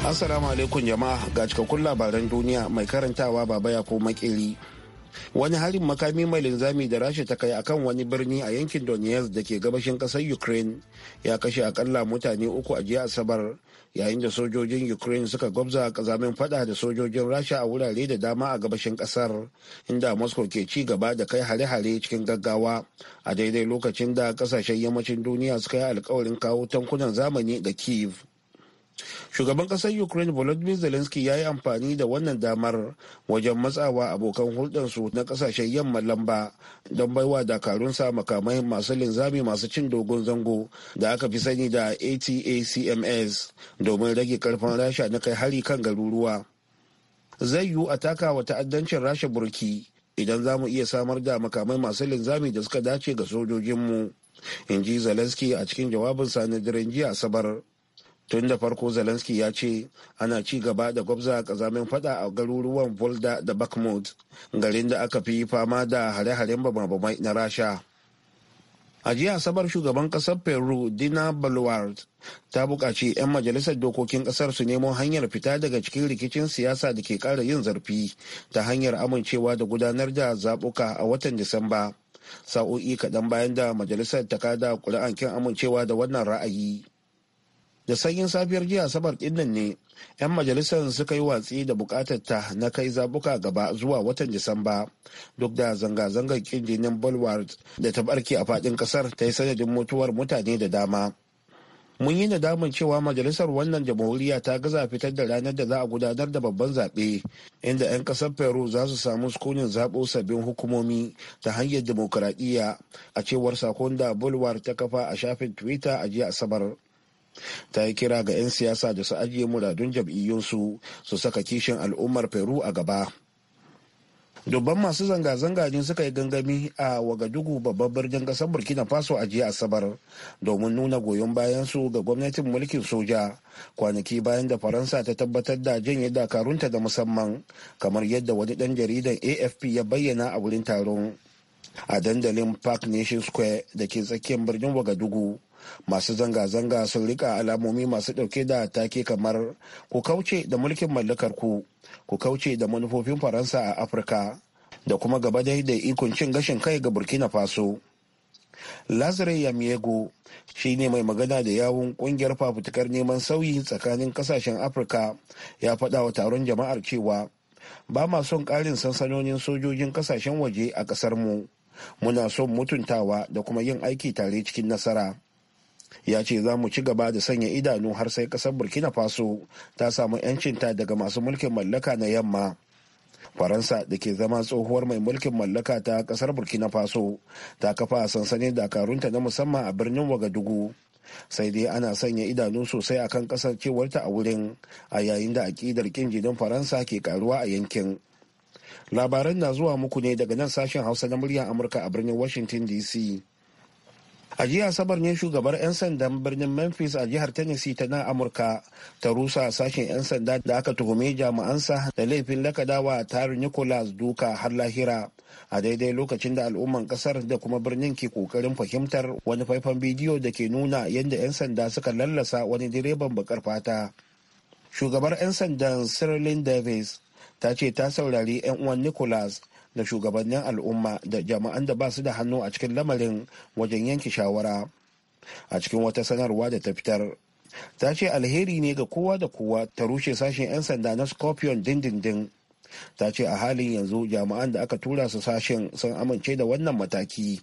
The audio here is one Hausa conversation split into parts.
Assalamu alaikum jama'a ga cikakkun labaran duniya mai karantawa baba ya ko makeri. Wani harin makami mai linzami da rasha ta kai akan wani birni a yankin Donetsk da ke gabashin kasar Ukraine ya kashe akalla mutane uku a jiya Asabar yayin da sojojin Ukraine suka gwabza kazamin fada da sojojin rasha a wurare da dama a gabashin kasar inda Moscow ke ci gaba da kai hare-hare cikin gaggawa a daidai lokacin da kasashen yammacin duniya suka yi alkawarin kawo tankunan zamani ga Kiev. shugaban kasar ukraine volodymyr zelensky ya yi amfani da wannan damar wajen matsawa abokan hulɗarsu na ƙasashen yamma lamba don baiwa dakarunsa makamai masu linzami masu cin dogon zango da aka fi sani da atacms domin rage karfin rasha na kai hari kan garuruwa zai yiwu a taka wa ta'addancin rasha burki idan za mu iya samar da makamai masu linzami da suka dace ga sojojinmu in ji zelensky a cikin jawabinsa na daren jiya asabar tun da farko zelensky ya ce ana ci gaba da gwabza kazamin fada a garuruwan volda da bakhmut garin da aka fi fama da hare-haren bamai na rasha a jiya asabar shugaban kasar peru dina balward ta buƙaci 'yan majalisar dokokin kasar su nemo hanyar fita daga cikin rikicin siyasa da ke ƙara yin zarfi ta hanyar amincewa da gudanar da zaɓuka a watan disamba sa'o'i kaɗan bayan da majalisar ta kada ƙuri'an kin amincewa da wannan ra'ayi da sanyin safiyar jiya asabar ɗinnan ne 'yan majalisar suka yi watsi da bukatar ta na kai zabuka gaba zuwa watan disamba duk da zanga-zangar kinjinin bulwark da ta barke a fadin kasar ta yi sanadin mutuwar mutane da dama mun yi nadamin cewa majalisar wannan jamhuriya ta gaza fitar da ranar da za a gudanar da babban zaɓe inda 'yan ƙasar peru za su samu sukunin zaɓo sabbin hukumomi ta hanyar demokuraɗiyya a cewar sakon da bulwar ta kafa a shafin twitter a jiya asabar ta yi kira ga 'yan siyasa da su ajiye muradun jam'iyyunsu su saka kishin al'ummar peru a gaba dubban masu zanga-zanga ne suka yi gangami a wagadugu babban birnin kasar burkina faso a jiya asabar domin nuna goyon bayan su ga gwamnatin mulkin soja kwanaki bayan da faransa ta tabbatar da janye dakarunta da musamman kamar yadda wani dan jaridan afp ya bayyana a wurin taron a dandalin park nation square da ke tsakiyar birnin wagadugu masu zanga-zanga sun rika alamomi masu ɗauke da take kamar ku kauce da mulkin mallakar ku ku kauce da manufofin faransa a afirka da kuma gaba dai da ikon cin gashin kai ga burkina faso lazare yamiego shi ne mai magana da yawun kungiyar fafutukar neman sauyi tsakanin kasashen afirka ya faɗa wa taron jama'ar cewa ba ma son ƙarin sansanonin sojojin kasashen waje a ƙasar mu muna son mutuntawa da kuma yin aiki tare cikin nasara ya ce za mu ci gaba da sanya idanu har sai kasar burkina faso ta samu 'yancinta daga masu mulkin mallaka na yamma faransa da ke zama tsohuwar mai mulkin mallaka ta kasar burkina faso ta kafa sansanin dakarunta na musamman a birnin wagadugu sai dai ana sanya idanu sosai akan kasancewarta a wurin a yayin da aƙidar kin jinin faransa ke karuwa a yankin labaran na zuwa muku ne daga nan sashen hausa na muryar amurka a birnin washington dc a jiya asabar ne shugabar 'yan sandan birnin memphis a jihar tennessee ta nan amurka ta rusa sashen 'yan sanda da aka tuhume jami'ansa da laifin lakadawa tarin nicholas duka har lahira a daidai lokacin da al'umman kasar da kuma birnin ke kokarin fahimtar wani faifan bidiyo da ke nuna yadda 'yan sanda suka lallasa wani direban bakar fata shugabar 'yan sandan sirlin davis ta ce ta saurari 'yan uwan nicholas da shugabannin al'umma da jama'an da ba su da hannu a cikin lamarin wajen yanke shawara a cikin wata sanarwa da ta fitar ta ce alheri ne ga kowa da kowa ta rushe sashen 'yan sanda na scorpion dindindin ta ce a halin yanzu jama'an da aka tura su sashen sun amince da wannan mataki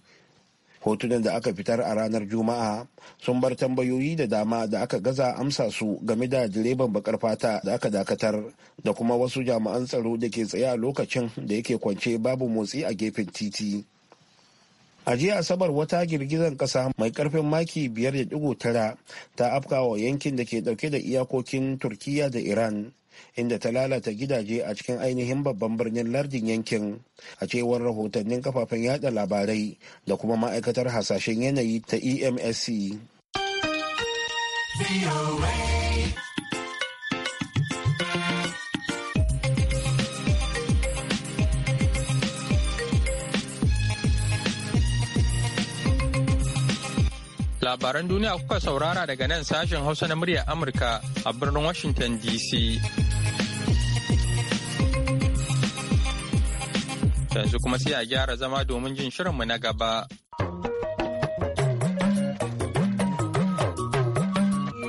hotunan da aka fitar a ranar juma'a sun bar tambayoyi da dama da aka gaza amsa su game da direban bakar fata da aka dakatar da kuma wasu jami'an tsaro da ke tsaye a lokacin da yake kwance babu motsi a gefen titi a jiya asabar wata girgizar kasa mai karfin maki biyar da tara ta afkawa yankin da ke dauke da iyakokin turkiya da iran inda ta lalata gidaje a cikin ainihin babban birnin lardin yankin a cewar rahotannin kafafen yada labarai da kuma ma'aikatar hasashen yanayi ta emsc Labaran duniya kuka saurara daga nan sashen Hausa na muryar Amurka a birnin Washington DC. Yanzu kuma sai a gyara zama domin jin shirinmu na gaba.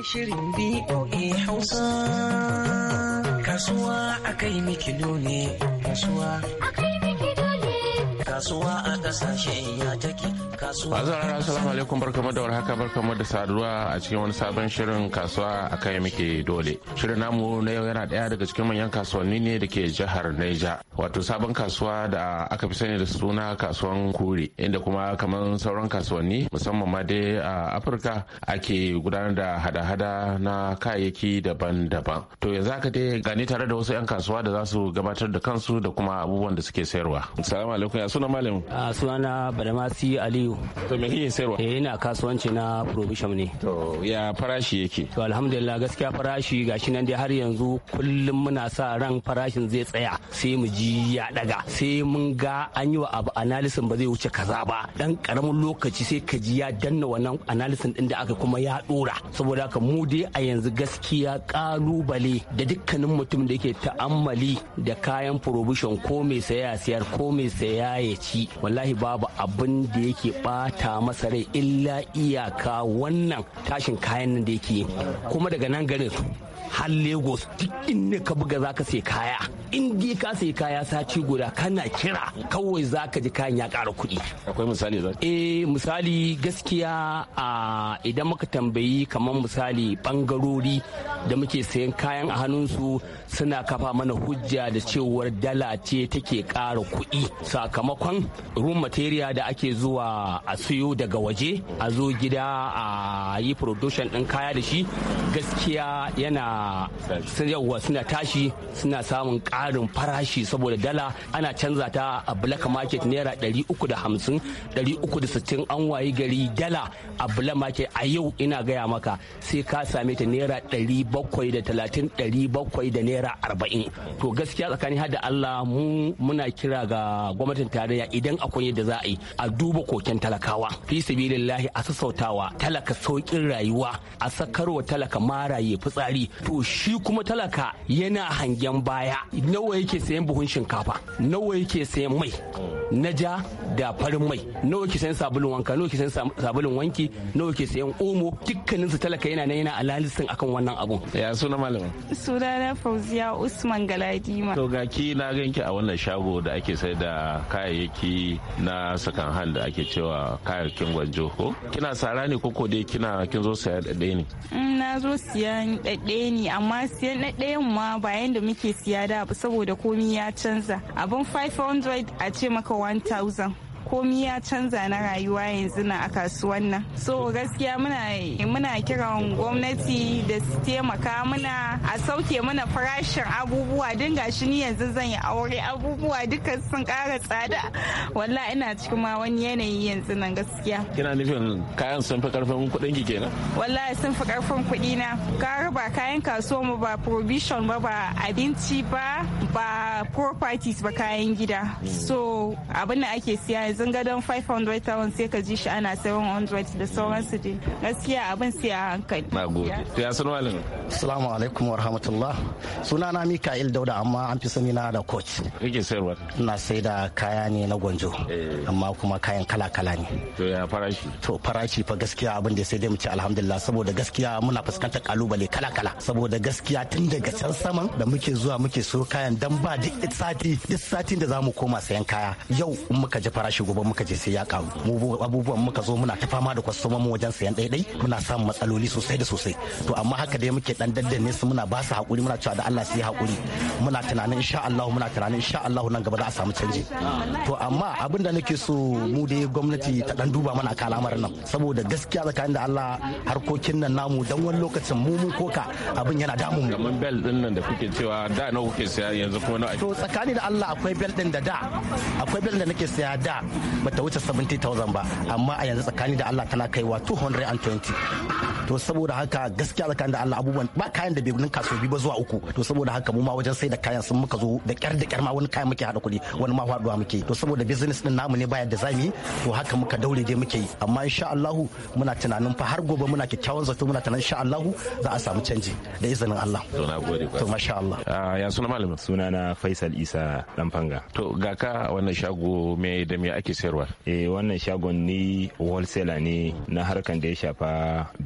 Shirin BOA Hausa Kasuwa a kai mikido ne Kasuwa a kai mikido ne Kasuwa a kasashen ya take kasuwa. Azara assalamu alaikum barkamu da warhaka barkamu da saduwa a cikin wani sabon shirin kasuwa a akai muke dole. Shirin namu na yau yana daya daga cikin manyan kasuwanni ne da ke jihar Neja. Wato sabon kasuwa da aka fi sani da suna kasuwan kure inda kuma kamar sauran kasuwanni musamman ma dai a Afirka ake gudanar da hada-hada na kayayyaki daban-daban. To yanzu aka dai gani tare da wasu 'yan kasuwa da za su gabatar da kansu da kuma abubuwan da suke sayarwa. Assalamu alaikum ya suna malam. Sunana Badamasi Aliyu biyu to me kike sayarwa eh ina kasuwanci na provision ne to ya farashi yake to alhamdulillah gaskiya farashi gashi nan dai har yanzu kullum muna sa ran farashin zai tsaya sai mu ji ya daga sai mun ga an yi wa abu analysis ba zai wuce kaza ba dan karamin lokaci sai ka ji ya danna wannan analysis din da aka kuma ya dora saboda haka mu dai a yanzu gaskiya kalubale da dukkanin mutum da yake ta'ammali da kayan provision ko mai saya siyar ko mai saya ya ci wallahi babu abin da yake bata masa rai illa iyaka wannan tashin kayan nan da yake kuma daga nan garin har lagos duk inda ka buga za ka sai kaya in dai ka sai kaya sati guda kana kira kawai za ka ji kayan ya ƙara kuɗi akwai misali za eh misali gaskiya a idan muka tambayi kamar misali bangarori da muke sayan kayan a hannun su suna kafa mana hujja da cewar dala ce take ƙara kuɗi sakamakon room material da ake zuwa a siyo daga waje a zo gida a yi production ɗin kaya da shi gaskiya yana suna suna tashi suna samun ƙarin farashi saboda dala ana canza ta a black market naira 350 360 an wayi gari dala a black market a yau ina gaya maka sai ka same ta naira 730 700 da naira 40 to gaskiya tsakanin da Allah mu muna kira ga gwamnatin tarayya idan akwai yadda za a yi a duba koken talakawa fi sabilillahi a sassautawa talaka saukin rayuwa a sakarwa talaka maraye fitsari to shi kuma talaka yana hangen baya nawa yake sayan buhun shinkafa nawa yake sayan mai na ja da farin mai nawa yake sayan sabulun wanka nawa yake sayan sabulun wanki nawa yake sayan omo dukkaninsu talaka yana nan yana alalisin akan wannan abun ya suna malama suna na fauziya usman galadima to ga ki na ganki a wannan shago da ake sai da kayayyaki na sakan hand da ake cewa kayayyakin gwanjo ko kina sara ne ko ko dai kina kin zo saya da ne mm, na zo siyan ɗaɗɗe ne yi amma siyan na ɗayan ma ba da muke siya da saboda komi ya canza abin 500 a ce maka 1000 komi ya canza na rayuwa yanzu na a kasuwan nan so gaskiya muna muna kiran gwamnati da su taimaka muna a sauke mana farashin abubuwa din gashi ni yanzu zan yi aure abubuwa duka sun kara tsada walla ina cikin ma wani yanayi yanzu nan gaskiya kina nufin kayan sun fi karfin kuɗin ki kenan wallahi sun fi karfin kuɗi na ka ba kayan kasuwa mu ba provision ba ba abinci ba ba properties ba kayan gida so abin da ake siya yanzu gadon 500 town sai ka ji shi ana 700 da sauran su dai gaskiya abin sai a hankali na gode to ya sanu alin assalamu alaikum wa rahmatullah suna na mika'il dauda amma an fi sani na da coach kike sayarwa ina sai da kaya ne na gwanjo eh. amma kuma kayan kala kala ne to ya farashi to farashi fa gaskiya abin da sai dai mu ce alhamdulillah saboda gaskiya muna fuskantar kalubale kala kala saboda gaskiya tun daga can saman da muke zuwa muke so kayan dan ba duk sati duk satin da zamu koma sayan kaya yau in muka ji farashi shi gobe muka je sai ya karu mu abubuwan muka zo muna ta fama da kwastoman mu wajen sayan daidai muna samun matsaloli sosai da sosai to amma haka dai muke dan daddanne su muna ba su hakuri muna cewa da Allah sai hakuri muna tunanin insha Allah muna tunanin insha Allah nan gaba za a samu canji to amma abin da nake so mu dai gwamnati ta dan duba mana kalamar nan saboda gaskiya tsakanin da Allah harkokin nan namu dan wani lokacin mu mun koka abin yana damun mu kamar bel din nan da kuke cewa da nawa kuke saya yanzu kuma nawa to tsakani da Allah akwai bel din da da akwai bel da nake saya da bata wuce 70,000 ba amma a yanzu tsakani da Allah tana kaiwa 220 to saboda haka gaskiya tsakanin da Allah abubuwan ba kayan da bai ninka so ba zuwa uku to saboda haka mu ma wajen sai da kayan sun muka zo da kyar da kyar ma wani kayan muke hada kuɗi wani ma faduwa muke to saboda business din namu ne baya da zami to haka muka daure dai muke yi amma insha Allah muna tunanin fa har gobe muna kyakkyawan zato muna tunanin insha Allah za a samu canji da izinin Allah to na gode to masha Allah ah, ya suna malamin suna na Faisal Isa Danfanga to ga ka wannan shago me da me ake sayarwa eh wannan shagon ni wholesaler ne na harkan da ya shafa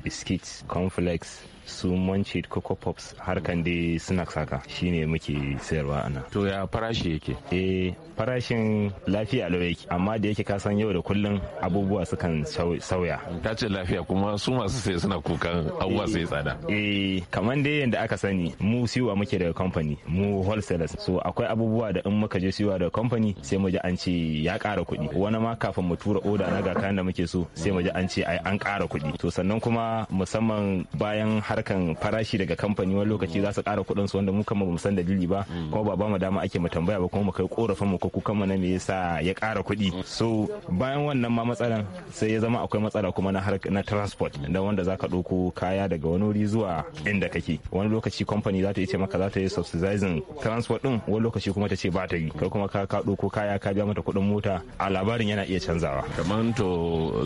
biski conflicts su manci coco pops harkan dai snacks haka shine muke sayarwa ana to ya farashi yake eh farashin lafiya lau yake amma da yake ka san yau da kullun abubuwa sukan sauya ka ce lafiya kuma su masu sai suna kukan abubuwa sai tsada eh kamar dai yanda aka sani mu siwa muke daga company mu wholesalers so akwai abubuwa da in muka je siwa daga company sai mu ji an ce ya kara kuɗi wani ma kafin mu tura oda na ga kayan da muke so sai mu ji an ce ai an kara kuɗi to sannan kuma musamman bayan harkan farashi daga kamfani wani lokaci za su ƙara kuɗin su wanda mu kama bamu san dalili ba mm. kuma ba ba mu dama ake mu tambaya ba kuma mu kai korafin mu ko kukan mu na me yasa ya kara kuɗi so bayan wannan ma matsalan sai ya zama akwai matsala kuma na na transport da wanda zaka ɗauko kaya daga wani wuri zuwa inda kake wani lokaci kamfani za ta yi ce maka za ta yi subsidizing transport din wani lokaci kuma ta ce ba ta yi kai kuma ka ka ɗauko kaya ka biya mata kuɗin mota a labarin yana iya canzawa kamar to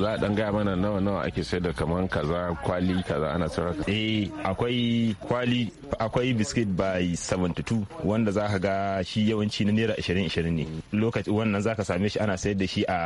za a dan gaya mana nawa nawa ake sayar da kaman kaza kwali kaza ana sarrafa eh akwai kwali akwai biskit by 72 wanda za ka ga shi yawanci na naira 20-20 ne lokaci wannan za ka same shi ana sayar da shi a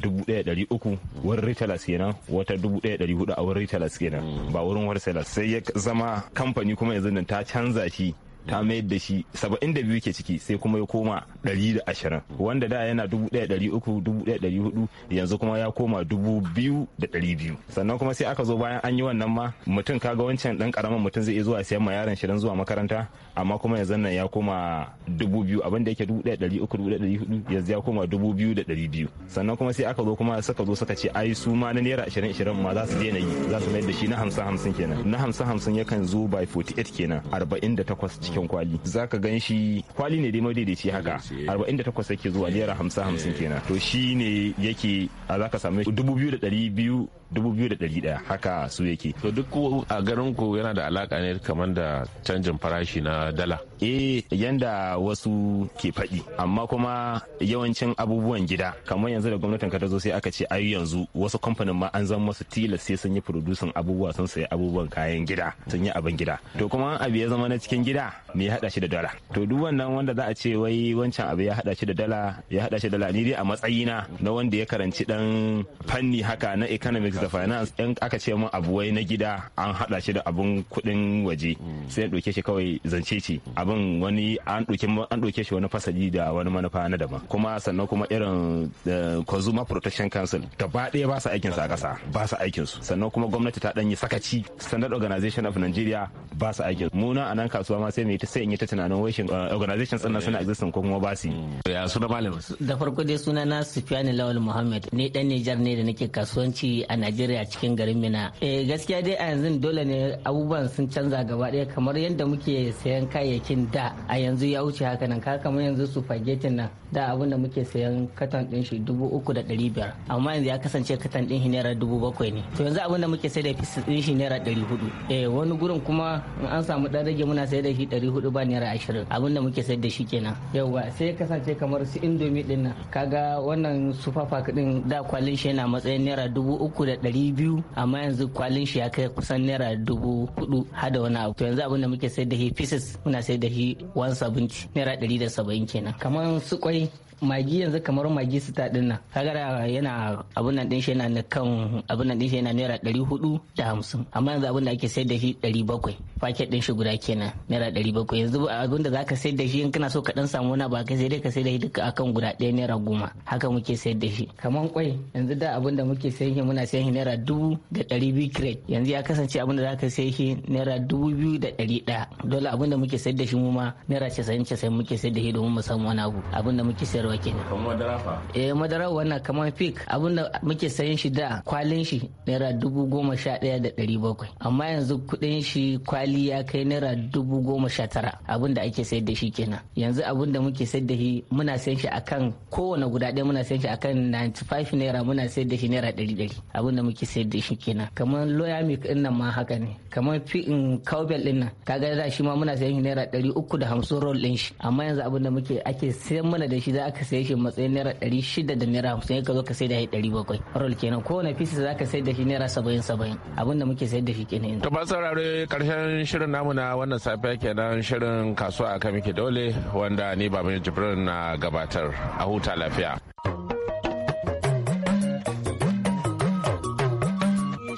1,300 wurin retailers kenan wata 1,400 a wurin retailers kenan ba wurin wholesalers sai ya zama kamfani kuma yanzu ta canza shi ta mayar da shi 72 ke ciki sai kuma ya koma 120 wanda da yana 1300 yanzu kuma ya koma 2200 sannan kuma sai aka zo bayan an yi wannan ma mutum kaga wancan dan karamin mutum zai iya zuwa siyan ma yaron shirin zuwa makaranta amma kuma yanzu nan ya koma 2000 abin da yake 1300 1400 yanzu ya koma 2200 sannan kuma sai aka zo kuma suka zo suka ce ai su ma na naira 20 20 ma za su na yi za su mayar da shi na 50 50 kenan na 50 50 yakan zo by 48 kenan 48 cikin cikin kwali zaka gan shi kwali ne dai madaidaici haka 48 eh. yake zuwa naira 50 50 kenan to shi ne yake a zaka samu 2200 dubu biyu da ɗari daya haka su yake to duk a garin ku yana da alaka ne kamar da canjin farashi na dala eh yanda wasu ke faɗi amma kuma yawancin abubuwan gida kamar yanzu da gwamnatin ka ta zo sai aka ce ai yanzu wasu kamfanin ma an zan masu tilas sai sun yi producing abubuwa sun sayi abubuwan kayan gida sun yi abin gida to kuma abu ya zama na cikin gida me ya hada shi da dala to duk wannan wanda za a ce wai wancan abu ya hada shi da dala ya hada shi da dala ni dai a matsayina na wanda ya karanci dan fanni haka na economics tax da finance in aka ce mun abu wai na gida an hada shi da abun kudin waje mm. sai an ɗauke shi kawai zance ce mm. Abun wani an ɗauke shi wani fasali da wani manufa na daban kuma sannan kuma irin eh, consumer protection council gaba daya ba su aikin sa kasa ba su aikin su sannan kuma gwamnati ta danyi sakaci standard organization of nigeria ba su aikin mu na anan kasuwa ma sai mu sai in yi ta tunanin wai eh, organization sannan suna existing ko kuma ba su mm. ya suna malam da farko dai suna na Sufiyani Lawal Muhammad ne dan Niger ne da nake kasuwanci a Najeriya cikin garin Mina. Eh gaskiya dai a yanzu dole ne abubuwan sun canza gaba ɗaya kamar yadda muke sayan kayayyakin da a yanzu ya wuce haka nan ka kamar yanzu supageti nan da abin da muke sayan katon ɗin shi dubu uku da ɗari biyar amma yanzu ya kasance katon ɗin shi naira dubu bakwai ne to yanzu abin da muke sai da fis ɗin shi naira ɗari hudu eh wani gurin kuma in an samu ɗan rage muna sayar da shi ɗari hudu ba naira ashirin abin da muke sayar da shi kenan yauwa sai kasance kamar su indomi ɗin nan kaga wannan sufafa ɗin da kwalin shi yana matsayin naira dubu uku da ɗari biyu amma yanzu kwalin shi ya kai kusan naira dubu hudu har da wani abu to yanzu abin da muke sayar da shi pieces muna sayar da shi 170 naira ɗari da saba'in kenan kamar su kwai magi yanzu kamar magi su din nan kagara yana abun nan ɗin shi yana na kan abun nan ɗin shi yana naira ɗari hudu da hamsin amma yanzu abin da ake sayar da shi ɗari bakwai paket ɗin shi guda kenan naira ɗari bakwai yanzu abun da ka sayar da shi in kana so ka ɗan samu wani ba ka sai dai ka sayar da shi duka akan guda ɗaya naira goma haka muke sayar da shi kamar kwai yanzu da abin da muke sayar muna sayar shi naira dubu da ɗari biyu kiret yanzu ya kasance abinda da za ka sai shi naira dubu biyu da ɗari ɗaya dole abinda da muke sayar da shi mu ma naira casa'in casa'in muke sayar da shi domin mu samu wani abu abinda da muke sayarwa kenan. kamar madara fa. eh madara wannan kamar fik abinda da muke sayan shi da kwalin shi naira dubu goma sha ɗaya da ɗari bakwai amma yanzu kuɗin shi kwali ya kai naira dubu goma sha tara abinda da ake sayar da shi kenan yanzu abinda da muke sayar da shi muna sayan shi akan kowane guda ɗaya muna sayan shi akan 95 naira muna sayar da shi naira ɗari ɗari abin abin da muke sayar da shi kenan kamar loya milk din nan ma haka ne kamar fi'in cowbell din nan kaga da shi ma muna sayan shi naira ɗari uku da hamsin roll din shi amma yanzu abin da muke ake sayan mana da shi za aka saye shi matsayin naira ɗari shida da naira hamsin ka zo ka sai da shi ɗari bakwai roll kenan kowane fisi za ka sai da shi naira saba'in saba'in abin da muke sayar da shi kenan. to ba saurare karshen shirin namu na wannan safiya kenan shirin kasuwa a kan muke dole wanda ni baban jibrin na gabatar a huta lafiya.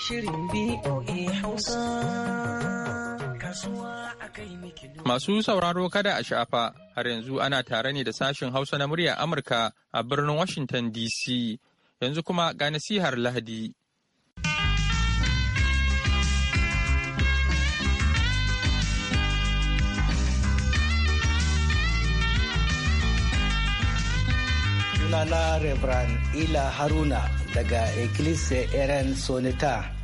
Shirin BOA Hausa. Masu sauraro kada a shafa, har yanzu ana tare ne da sashin Hausa na murya Amurka a birnin Washington DC. Yanzu kuma ga nasihar Lahadi. sunana Reverend Ila Haruna daga Ecclesia Eren Sonita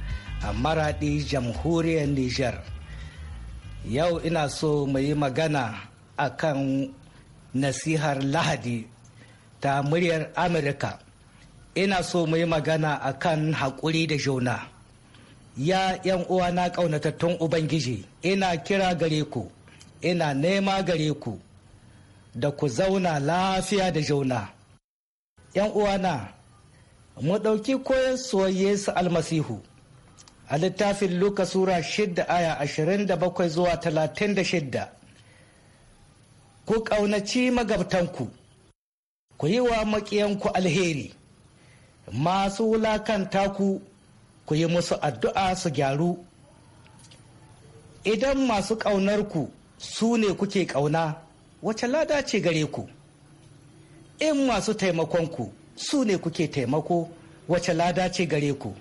a maraɗi jamhuriyar Nijar. Yau ina so mu yi magana a kan nasihar Lahadi ta muryar Amurka. Ina so mu yi magana a kan haƙuri da juna. Ya ‘yan uwa na ƙaunatattun Ubangiji, ina kira gare ku, ina nema gare ku, da ku zauna lafiya da juna. ‘Yan uwa na, mu ɗauki koyar su almasihu. a littafin Luka Sura 6 aya 27 zuwa talatin da 36. Ku ƙaunaci magabtanku, ku yi wa maƙiyanku alheri, masu wulakanta ku, ku yi musu addu'a su gyaru. Idan masu ƙaunarku su ne kuke ƙauna, wace lada ce gare ku? In masu taimakonku su ne kuke taimako, wace lada ce gare ku?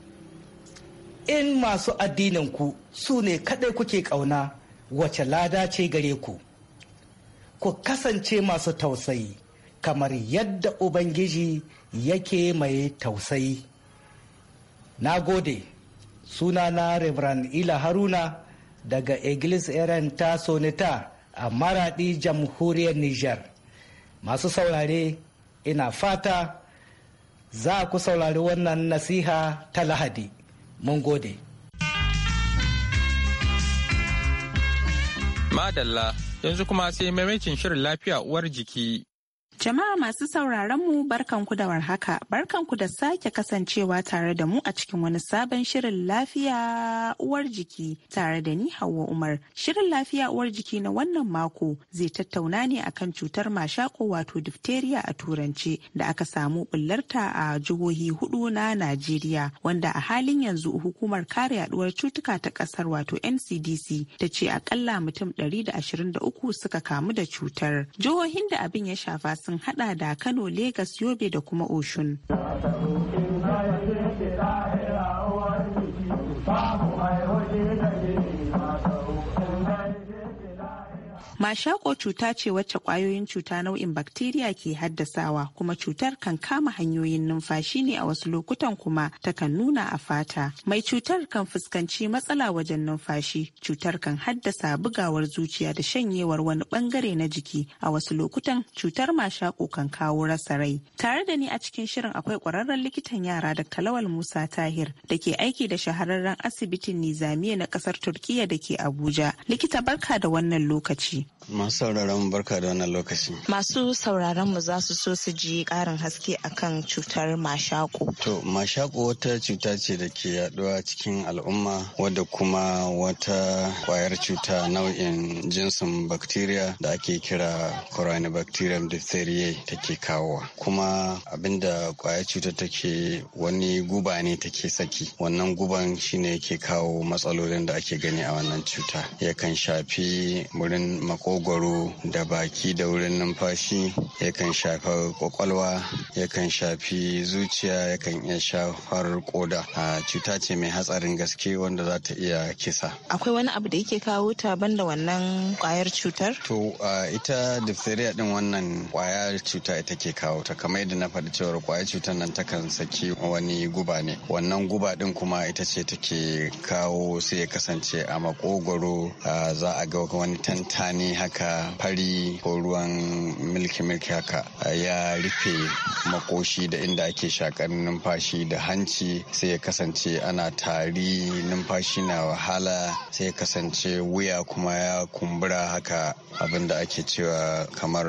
in masu addininku su ne kaɗai kuke ƙauna wace lada ce gare ku ku kasance masu tausayi kamar yadda ubangiji yake mai tausayi na gode sunana reverend ila haruna daga eglis eren ta sonita a maradi jamhuriyar niger masu saurare ina fata za ku saurari wannan nasiha ta lahadi mun gode madalla yanzu kuma sai maimakin shirin lafiya uwar jiki Jama'a masu sauraron mu barkanku da warhaka, barkanku da sake kasancewa tare da mu a cikin wani sabon shirin lafiya uwar jiki tare da ni Hauwa Umar. Shirin lafiya uwar jiki na wannan mako zai tattauna ne akan cutar mashako wato diphtheria a turance da aka samu bullarta a jihohi hudu na Najeriya wanda a halin yanzu hukumar kare yaduwar cutuka ta kasar wato NCDC ta ce akalla mutum 123 suka kamu da cutar. Jihohin da abin ya shafa sun sun hada da Kano, Legas, Yobe da kuma Oshun. Mashako cuta ce wacce kwayoyin cuta nau'in bakteriya ke haddasawa kuma cutar kan kama hanyoyin numfashi ne a wasu lokutan kuma takan nuna a fata. Mai cutar kan fuskanci matsala wajen numfashi, cutar kan haddasa bugawar zuciya da shanyewar wani bangare na jiki a wasu lokutan cutar mashako kan kawo rasa rai. Tare da ni a cikin shirin akwai kwararren likitan yara da kalawal Musa Tahir da ke aiki da shahararren asibitin Nizamiya na kasar Turkiya da ke Abuja. Likita barka da wannan lokaci. Masu sauraron barka da wannan lokaci. Masu sauraron mu za su so su ji karin haske akan cutar mashaƙo. To mashaƙo wata cuta ce da ke yaduwa cikin al'umma wadda kuma wata ƙwayar cuta nau'in jinsin bacteria da ake kira Corynebacterium diphtheriae take kawowa. Kuma abinda ƙwayar cuta take wani guba ne take saki. Wannan guban shine yake kawo matsalolin da ake gani a wannan cuta. Yakan shafi murin makogwaro da baki da wurin numfashi yakan shafar kwakwalwa yakan shafi zuciya yakan iya shafar koda a cuta ce mai hatsarin gaske wanda za ta iya kisa akwai wani abu da yake kawo ta banda wannan kwayar cutar to ita diphtheria din wannan kwayar cuta ita ke kawo ta kamar yadda na faɗi cewar kwayar cutar nan takan saki wani guba ne wannan guba din kuma ita ce take kawo sai ya kasance a makogwaro za a ga wani tantani ne haka fari ko ruwan milki-milki haka ya rufe makoshi da inda ake shakar numfashi da hanci sai ya kasance ana tari numfashi na wahala sai ya kasance wuya kuma ya kumbura haka abinda ake cewa kamar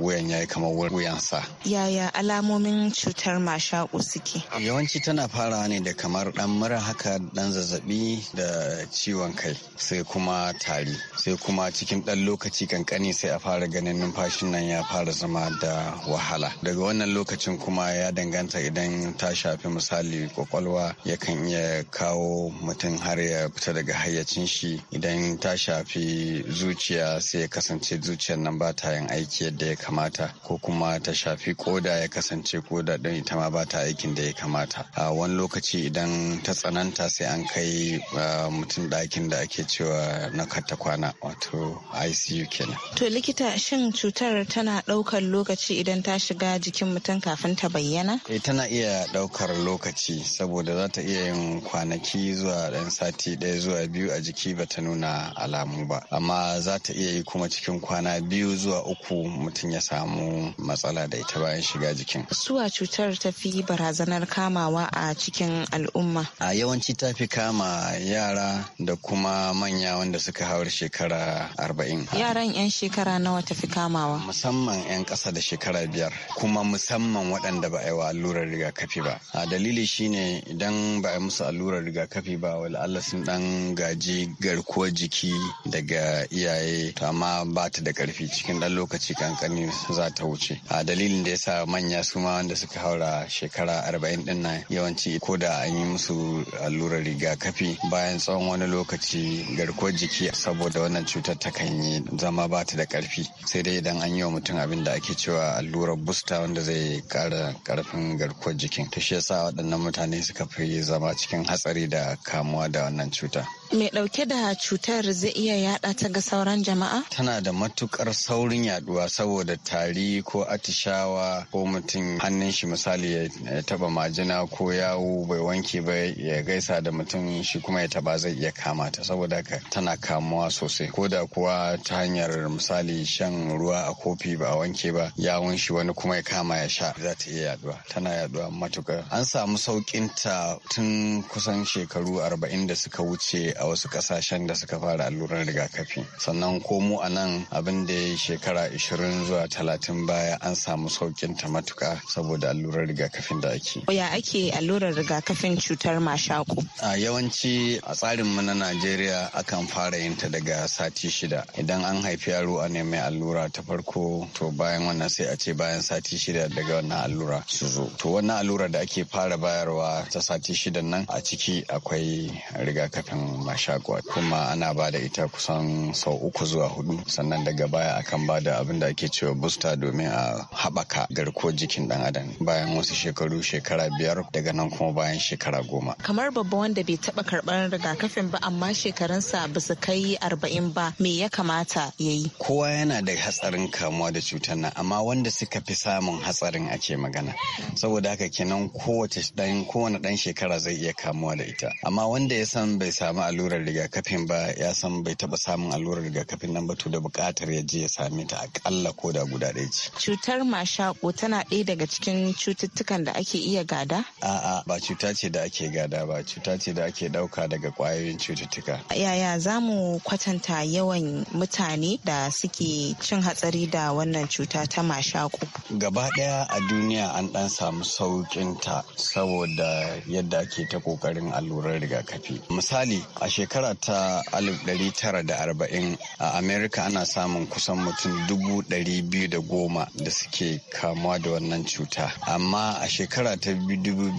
wuyan ya yi kamar wuyansa. Yaya alamomin cutar mashaƙo suke? Yawanci tana farawa ne da kamar dan mura haka dan zazzabi da ciwon kai sai kuma tari sai kuma cikin dan lokaci kankani sai a fara ganin numfashin nan ya fara zama da wahala daga wannan lokacin kuma ya danganta idan ta shafi misali kwakwalwa yakan iya kawo mutum har ya fita daga hayyacin shi idan ta shafi zuciya sai ya kasance zuciyar nan ba ta yin aiki yadda ya kamata ko kuma ta shafi koda ya kasance koda din ita ma ba ta aikin da ya kamata a wani lokaci idan ta tsananta sai an kai ah, mutum ɗakin da ake cewa na kwana wato ICU kenan. To likita shin cutar tana ɗaukar lokaci idan ta shiga jikin mutum kafin ta bayyana? Eh tana iya ɗaukar lokaci saboda za ta iya yin kwanaki zuwa ɗan sati ɗaya zuwa biyu a jiki ba ta nuna alamu ba. Amma za ta iya yi kuma cikin kwana biyu zuwa uku mutum ya samu matsala da ita bayan shiga jikin. Suwa cutar ta fi barazanar kamawa a cikin al'umma? A yawanci ta fi kama yara da kuma manya wanda suka haura shekara arba'in Yaran 'yan shekara nawa tafi kamawa? Musamman 'yan ƙasa da shekara biyar kuma musamman waɗanda ba a yi wa allurar rigakafi ba. A dalili shine idan ba a yi musu allurar rigakafi ba Allah sun ɗan gaji garkuwar jiki daga iyaye to amma ba ta da karfi cikin ɗan lokaci kankani za ta wuce. A dalilin da yasa manya su ma wanda suka haura shekara arba'in ɗin nan yawanci ko da an yi musu allurar rigakafi bayan tsawon wani lokaci garkuwar jiki saboda wannan cutar ta kan yi zama ba ta da karfi sai dai idan an yi wa mutum abin da ake cewa allurar busta wanda zai kara karfin garkuwar jikin ta shi yasa waɗannan mutane suka fi zama cikin hatsari da kamuwa da wannan cuta mai ɗauke da cutar zai iya yada ta ga sauran jama'a? Tana da matukar saurin yaduwa saboda tari ko atishawa ko mutum hannun shi misali ya taba majina ko yawo bai wanke ba ya gaisa da mutum shi kuma ya taba zai iya kama ta saboda haka tana kamuwa sosai ko da kuwa ta hanyar misali shan ruwa a kofi ba wanke ba yawon shi wani kuma ya kama ya sha za ta iya yaduwa tana yaduwa matukar an samu saukin ta tun kusan shekaru arba'in da suka wuce a wasu kasashen da suka fara allurar rigakafi sannan komo a nan abin da ya shekara 20 zuwa 30 baya an samu saukin ta matuka saboda allurar rigakafin da ake ya ake allurar rigakafin cutar mashaku a yawanci a tsarin mu na najeriya akan fara yin ta daga sati shida idan an haifi yaro a mai allura ta farko to bayan wannan sai a ce bayan sati shida daga wannan allura su zo to wannan allura da ake fara bayarwa ta sati shida nan a ciki akwai rigakafin mashakwa kuma ana ba da ita kusan sau uku zuwa hudu sannan daga baya akan ba da abin da ake cewa busta domin a haɓaka garkuwar jikin dan adam bayan wasu shekaru shekara biyar daga nan kuma bayan shekara goma. Kamar babba wanda bai taɓa karɓar rigakafin ba amma shekarunsa ba su kai arba'in ba me ya kamata ya yi. Kowa yana da hatsarin kamuwa da cutar nan amma wanda suka fi samun hatsarin a ake magana saboda haka kenan kowace dan kowane dan shekara zai iya kamuwa da ita amma wanda ya san bai samu allurar rigakafin ba ya san bai taba samun allurar rigakafin nan ba to da bukatar ya je ya same ta akalla ko da guda ɗaya ce. Cutar mashako tana ɗaya daga cikin cututtukan da ake iya gada? A'a ba cuta ce da ake gada ba cuta ce da ake ɗauka daga ƙwayoyin cututtuka. Yaya za mu kwatanta yawan mutane da suke cin hatsari da wannan cuta ta mashako? Gaba ɗaya a duniya an ɗan samu sauƙinta saboda yadda ake ta ƙoƙarin allurar rigakafi. Misali a shekara ta 1940 a america ana samun kusan mutum dubu biyu da goma da suke kamuwa da wannan cuta amma a shekara ta dubu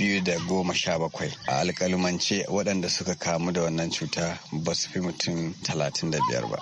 goma sha bakwai a alkalmance waɗanda suka kamu da wannan cuta ba su fi mutum talatin da biyar ba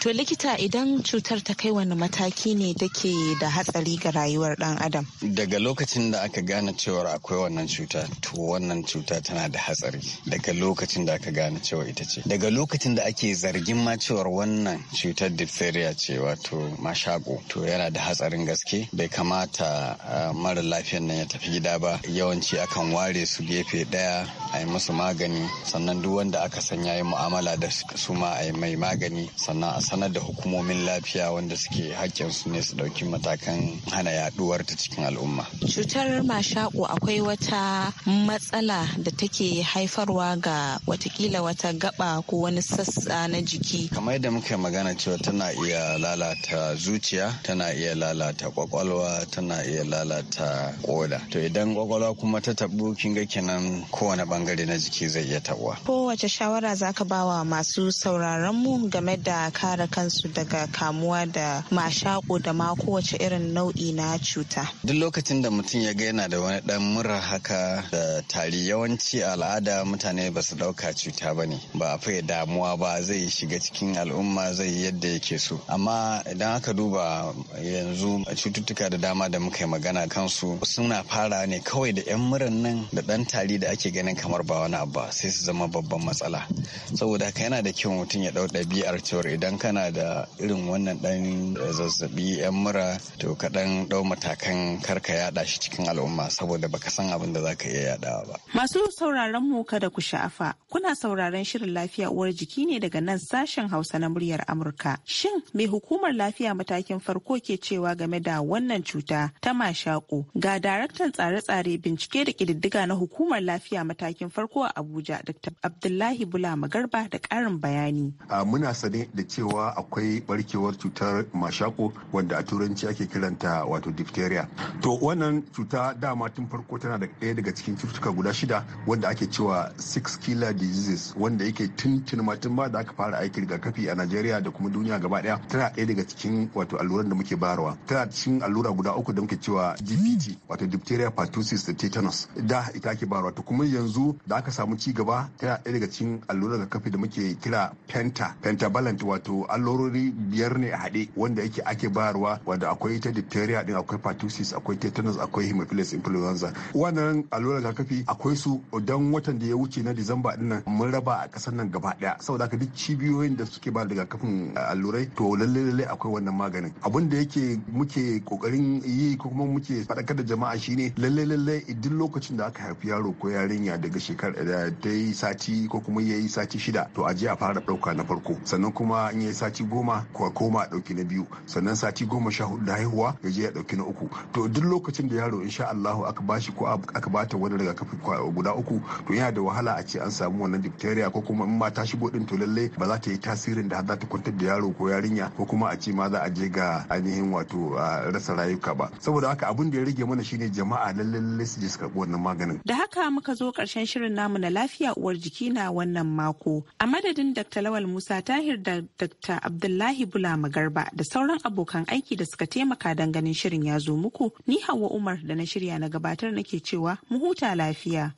To likita idan cutar ta kai wani mataki ne take da hatsari ga rayuwar dan adam? Daga lokacin da aka gane cewar akwai wannan cuta, to wannan cuta tana da hatsari. Daga lokacin da aka gane cewa ita ce. Daga lokacin da ake zargin ma cewar wannan cutar diphtheria ce wato mashako, to yana da hatsarin gaske. Bai kamata mara lafiyan nan ya tafi gida ba. Yawanci akan ware su gefe daya a yi musu magani, sannan duk wanda aka san ya mu'amala da su ma a yi mai magani, sannan a sanar da hukumomin lafiya wanda suke hakkin su ne su dauki matakan hana yaduwar ta cikin al'umma cutar mashaƙo akwai wata matsala da take haifarwa ga watakila wata gaba ko wani sassa na jiki kamar yadda muka magana cewa tana iya lalata zuciya tana iya lalata kwakwalwa tana iya lalata koda to idan kwakwalwa kuma ta tabu kin ga kenan kowane bangare na jiki zai iya tabuwa kowace shawara zaka bawa masu sauraron mu game da kare kare kansu daga kamuwa da mashako da ma kowace irin nau'i na cuta. Duk lokacin da mutum ya ga yana da wani ɗan mura haka da tari yawanci al'ada mutane ba su dauka cuta ba ne ba a fiye damuwa ba zai shiga cikin al'umma zai yadda yake so amma idan aka duba yanzu cututtuka da dama da muka yi magana kansu suna fara ne kawai da 'yan muran nan da ɗan tari da ake ganin kamar ba wani abu sai su zama babban matsala saboda haka yana da kyau mutum ya dau ɗabi'ar cewar idan kana da irin wannan dan eh, zazzabi yan mura to ka ɗau matakan karka yaɗa shi cikin al'umma saboda baka san abin da zaka iya yaɗawa ba. Masu sauraron mu kada ku sha'afa kuna sauraron shirin lafiya uwar jiki ne daga nan sashen Hausa na muryar Amurka. Shin mai hukumar lafiya matakin farko ke cewa game da wannan cuta ta mashaƙo ga daraktan tsare-tsare bincike da ƙididdiga na hukumar lafiya matakin farko a Abuja Dr. Abdullahi Bula Magarba da ƙarin bayani. Muna sane da cewa cewa akwai barkewar cutar mashako wanda a turanci ake kiranta wato diphtheria to wannan cuta dama tun farko tana da ɗaya daga cikin cututtuka guda shida wanda ake cewa six killer diseases wanda yake tun tun ma tun ba da aka fara aiki rigakafi a Najeriya da kuma duniya gaba daya tana ɗaya daga cikin wato alluran da muke bayarwa tana cikin allura guda uku da muke cewa DPT wato diphtheria pertussis da tetanus da ita ake bayarwa to kuma yanzu da aka samu ci gaba tana ɗaya daga cikin allurar rigakafi da muke kira penta pentavalent wato wato biyar ne a haɗe wanda yake ake bayarwa wanda akwai ta diphtheria din akwai pertussis akwai tetanus akwai hemophilus influenza wannan allurar rigakafi akwai su don watan da ya wuce na disamba din nan mun raba a ƙasar nan gaba ɗaya saboda haka duk cibiyoyin da suke ba rigakafin eh, allurai to lalle lalle akwai wannan maganin abin da yake muke kokarin yi ko kuma muke faɗakar da jama'a shine lalle lalle idan lokacin da aka haifi yaro ko yarinya daga shekara da ta yi sati ko kuma ya yi sati shida to a je a fara ɗauka na farko sannan kuma in ya sati goma kuwa koma a ɗauki na biyu sannan sati goma sha hudu da haihuwa ya je ya dauki na uku to duk lokacin da yaro insha Allahu aka shi ko aka ba ta wani rigakafi guda uku to yana da wahala a ce an samu wannan diphtheria ko kuma in ma ta shigo din to lalle ba za ta yi tasirin da za ta kwantar da yaro ko yarinya ko kuma a ce ma za a je ga ainihin wato rasa rayuka ba saboda haka abin da ya rage mana shine jama'a lalle su je su karɓi wannan maganin da haka muka zo karshen shirin namu na lafiya uwar jiki na wannan mako a madadin Dr. Lawal Musa Tahir da Dr. Dr. Abdullahi Bula Magarba da sauran abokan aiki da suka taimaka don ganin shirin ya zo muku. Ni hawa Umar da na shirya na gabatar nake cewa mu huta lafiya.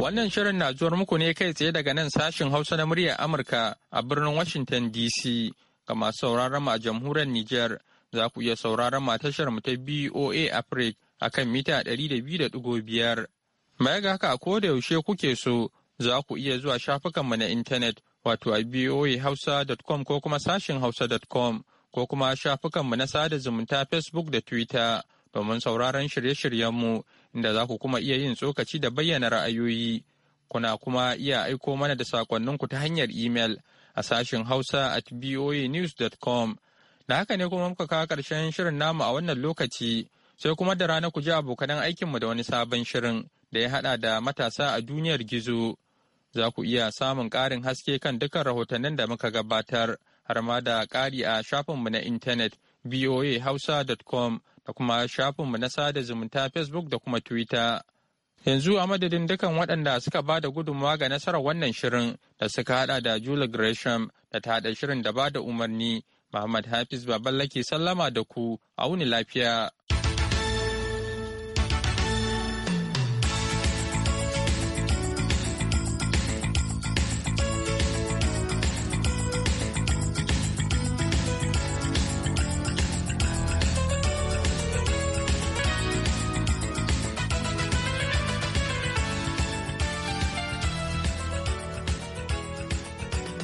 Wannan shirin na zuwar muku ne kai tsaye daga nan sashin Hausa na muryar Amurka a birnin Washington DC. Ga masu sauraron a jamhuriyar Nijar za ku iya sauraron mu tashar mu ta BOA Africa a kan mita 200.5. ma ga haka a da yaushe kuke so za ku iya zuwa shafukanmu na intanet wato a voahausa.com ko kuma sashin hausa.com ko kuma shafukanmu na sada zumunta Facebook da Twitter domin sauraron shirye-shiryenmu inda za ku kuma iya yin tsokaci da bayyana ra'ayoyi. Kuna kuma iya aiko mana da sakonninku ta hanyar imel a sashin hausa at voanews.com. Da haka ne kuma muka kawo ƙarshen shirin namu a wannan lokaci sai kuma da rana ku ji abokanan aikinmu da wani sabon shirin. da ya hada da matasa a duniyar gizo. Za ku iya samun ƙarin haske kan dukkan rahotannin da muka gabatar har ma da ƙari a shafinmu na intanet voahausa.com da kuma shafinmu na sada zumunta Facebook da kuma Twitter. Yanzu a madadin dukan waɗanda suka ba da gudunmawa ga nasarar wannan shirin da suka haɗa da Julie Gresham da ta haɗa shirin da ba da umarni, Muhammad Hafiz Baballake sallama da ku a wuni lafiya.